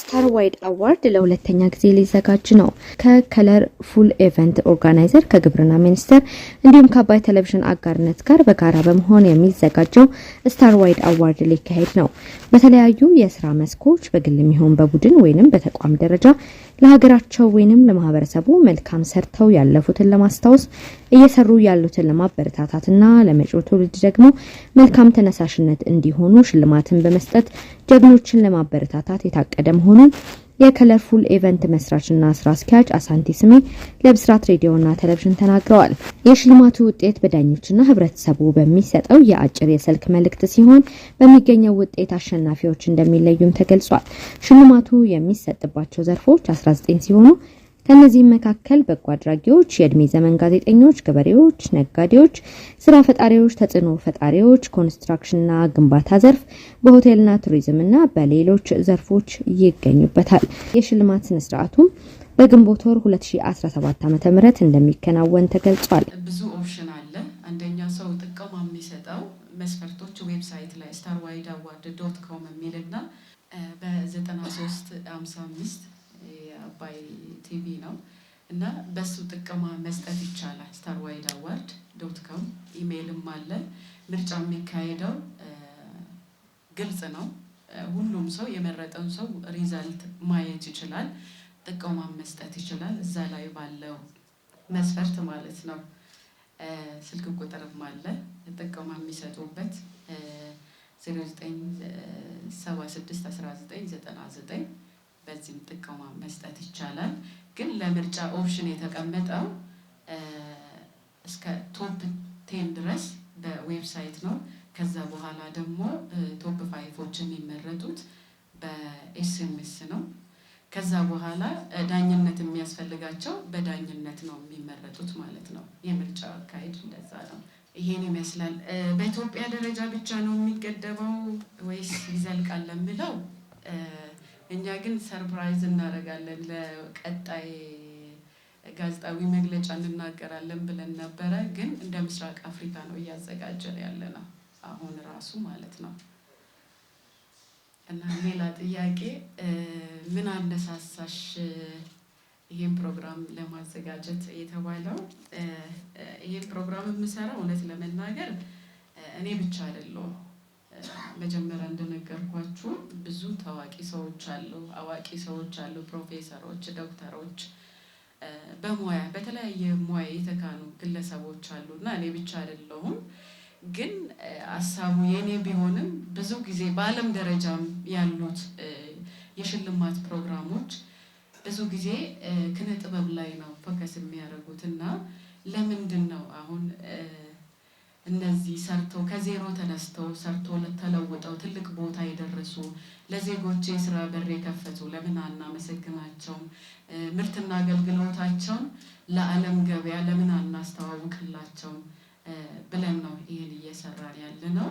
ስታር ዋይድ አዋርድ ለሁለተኛ ጊዜ ሊዘጋጅ ነው። ከከለር ፉል ኤቨንት ኦርጋናይዘር ከግብርና ሚኒስቴር እንዲሁም ከአባይ ቴሌቪዥን አጋርነት ጋር በጋራ በመሆን የሚዘጋጀው ስታር ዋይድ አዋርድ ሊካሄድ ነው። በተለያዩ የስራ መስኮች በግልም ይሁን በቡድን ወይንም በተቋም ደረጃ ለሀገራቸው ወይንም ለማህበረሰቡ መልካም ሰርተው ያለፉትን ለማስታወስ እየሰሩ ያሉትን ለማበረታታትና ለመጪው ትውልድ ደግሞ መልካም ተነሳሽነት እንዲሆኑ ሽልማትን በመስጠት ጀግኖችን ለማበረታታት የታቀደ መሆኑ መሆኑን የከለርፉል ኢቨንት መስራችና ስራ አስኪያጅ አሳንቲ ስሜ ለብስራት ሬዲዮና ቴሌቪዥን ተናግረዋል። የሽልማቱ ውጤት በዳኞችና ህብረተሰቡ በሚሰጠው የአጭር የስልክ መልእክት ሲሆን በሚገኘው ውጤት አሸናፊዎች እንደሚለዩም ተገልጿል። ሽልማቱ የሚሰጥባቸው ዘርፎች 19 ሲሆኑ ከእነዚህም መካከል በጎ አድራጊዎች፣ የእድሜ ዘመን ጋዜጠኞች፣ ገበሬዎች፣ ነጋዴዎች፣ ስራ ፈጣሪዎች፣ ተጽዕኖ ፈጣሪዎች፣ ኮንስትራክሽንና ግንባታ ዘርፍ፣ በሆቴልና ቱሪዝምና በሌሎች ዘርፎች ይገኙበታል። የሽልማት ስነስርዓቱም በግንቦት ወር 2017 ዓ ም እንደሚከናወን ተገልጿል። ብዙ ኦፕሽን አለ። አንደኛ ሰው ጥቅም የሚሰጠው መስፈርቶች ዌብሳይት ላይ ስታር ዋይድ አዋርድ ዶት ኮም የሚልና በ9355 ሞባይል ቲቪ ነው እና በሱ ጥቅማ መስጠት ይቻላል። ስታርዋይድ አዋርድ ዶት ኮም ኢሜይልም አለ። ምርጫ የሚካሄደው ግልጽ ነው። ሁሉም ሰው የመረጠውን ሰው ሪዛልት ማየት ይችላል። ጥቆማ መስጠት ይችላል። እዛ ላይ ባለው መስፈርት ማለት ነው። ስልክ ቁጥርም አለ ጥቆማ የሚሰጡበት 09761999 በዚህም ጥቆማ መስጠት ይቻላል። ግን ለምርጫ ኦፕሽን የተቀመጠው እስከ ቶፕ ቴን ድረስ በዌብሳይት ነው። ከዛ በኋላ ደግሞ ቶፕ ፋይፎች የሚመረጡት በኤስኤምኤስ ነው። ከዛ በኋላ ዳኝነት የሚያስፈልጋቸው በዳኝነት ነው የሚመረጡት ማለት ነው። የምርጫ አካሄድ እንደዛ ነው። ይሄን ይመስላል። በኢትዮጵያ ደረጃ ብቻ ነው የሚገደበው ወይስ ይዘልቃል ለምለው እኛ ግን ሰርፕራይዝ እናደርጋለን ለቀጣይ ጋዜጣዊ መግለጫ እንናገራለን ብለን ነበረ። ግን እንደ ምስራቅ አፍሪካ ነው እያዘጋጀን ያለ ነው አሁን ራሱ ማለት ነው። እና ሌላ ጥያቄ ምን አነሳሳሽ ይህን ፕሮግራም ለማዘጋጀት የተባለው? ይህን ፕሮግራም የምሰራው እውነት ለመናገር እኔ ብቻ አይደለሁም መጀመሪያ እንደነገርኳችሁ ብዙ ታዋቂ ሰዎች አሉ፣ አዋቂ ሰዎች አሉ፣ ፕሮፌሰሮች፣ ዶክተሮች በሙያ በተለያየ ሙያ የተካኑ ግለሰቦች አሉ እና እኔ ብቻ አይደለሁም። ግን ሀሳቡ የእኔ ቢሆንም ብዙ ጊዜ በዓለም ደረጃም ያሉት የሽልማት ፕሮግራሞች ብዙ ጊዜ ክነ ጥበብ ላይ ነው ፎከስ የሚያደርጉት እና ለምንድን ነው አሁን እነዚህ ሰርተው ከዜሮ ተነስተው ሰርቶ ተለውጠው ትልቅ ቦታ የደረሱ ለዜጎች የስራ በር የከፈቱ ለምን መሰግናቸው ምርትና አገልግሎታቸውን ለዓለም ገበያ ለምን አናስተዋውቅላቸውም? ብለን ነው ይህን እየሰራን ያለ ነው።